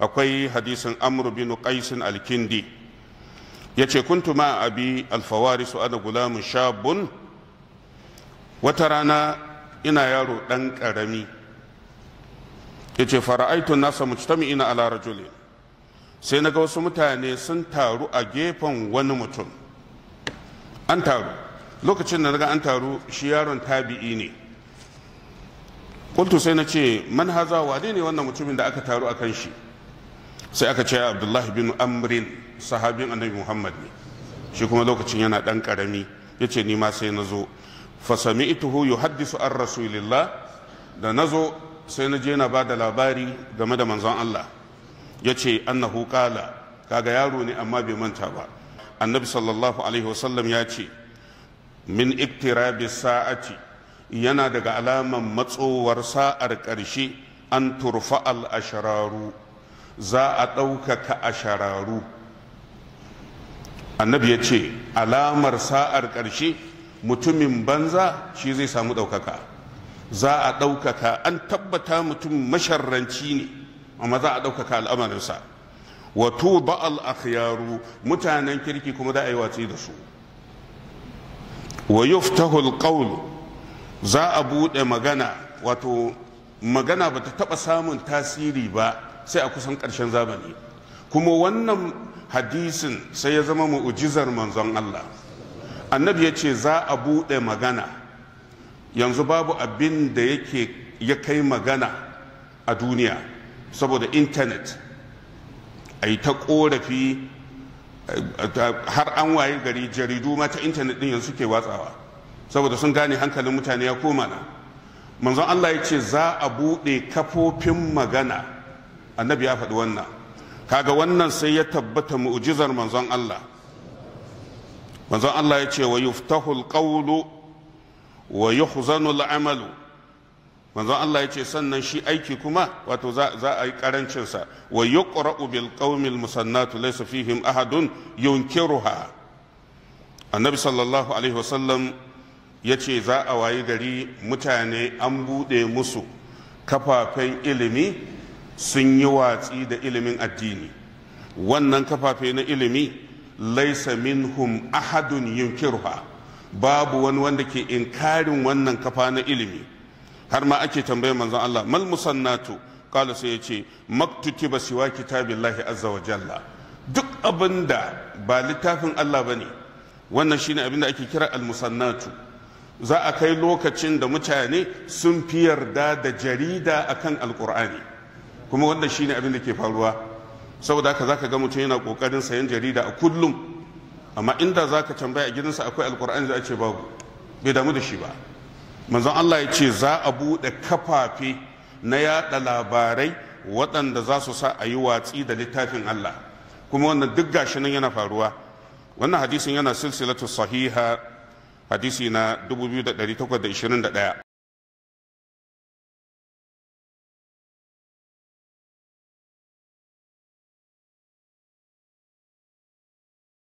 akwai hadisin amru bin qaisin al-kindi yace kuntu ma abi al-fawaris wa ana gulamun shabun wata rana ina yaro dan karami yace fara'aitu nasa mujtami'ina ala rajulin sai naga wasu mutane sun taru a gefen wani mutum an taru lokacin da naga an taru shi yaron tabi'i ne kuntu sai na ce man haza wane ne wannan mutumin da aka taru akan shi sai aka ce abdullahi bin amrin sahabin annabi muhammad ne shi kuma lokacin yana dan karami ya ce nima sai na zo fasami ituhu yu haddisu an rasulillah da na zo sai na je na ba da labari game da manzon allah ya ce annahu kala kaga yaro ne amma bai manta ba annabi sallallahu alaihi wasallam ya ce min iktirabi sa'ati yana daga alaman matsowar sa'ar ƙarshe an turfa al-ashararu za a ɗaukaka a shararu annabi ya ce alamar sa'ar ƙarshe mutumin banza shi zai samu ɗaukaka za a ɗaukaka an tabbata mutum masharranci ne amma za a ɗaukaka al'amarinsa wato ba'al akhyaru mutanen kirki kuma za a yi watsi da su wa yuftahul qawl za a buɗe magana wato magana ba ta taɓa samun tasiri ba sai a kusan ƙarshen zamani kuma wannan hadisin sai ya zama mu'ujizar manzon Allah annabi ya ce za a buɗe magana yanzu babu abin da yake ya kai magana a duniya saboda intanet a yi ta ƙorafi har an waye gari jaridu ma ta intanet ɗin yanzu ke watsawa saboda sun gane hankalin mutane ya koma na manzon Allah ya ce za a buɗe kafofin magana annabi ya faɗi wannan kaga wannan sai ya tabbata mu'jizar manzon Allah manzon Allah ya ce wa yuftahu alqawlu wa yuhzanu al'amalu manzon Allah ya ce sannan shi aiki kuma wato za a yi karancin sa wa yuqra'u bil qaumil musannatu laysa fihim ahadun yunkiruha annabi sallallahu alaihi wasallam ya ce za a wayi gari mutane an buɗe musu kafafen ilimi sun yi watsi da ilimin addini wannan kafafe na ilimi laisa minhum ahadun yunkiruha babu wani wanda ke inkarin wannan kafa na ilimi har ma ake tambayar manzon Allah mal musannatu qala sai yace maktutiba siwa kitabillahi azza wa jalla duk abinda ba littafin Allah bane wannan shine abinda ake kira al musannatu za a kai lokacin da mutane sun fi yarda da jarida akan alqur'ani kuma wannan shine abin da ke faruwa saboda haka zaka ga mutum yana kokarin sayan jarida a kullum amma inda zaka tambaya a gidansa akwai alkur'ani da a ce babu bai damu da shi ba manzon Allah ya ce za a buɗe kafafe na yaɗa labarai waɗanda za su sa a yi watsi da littafin Allah kuma wannan duk gashi nan yana faruwa wannan hadisin yana silsilatu sahiha hadisi na 2821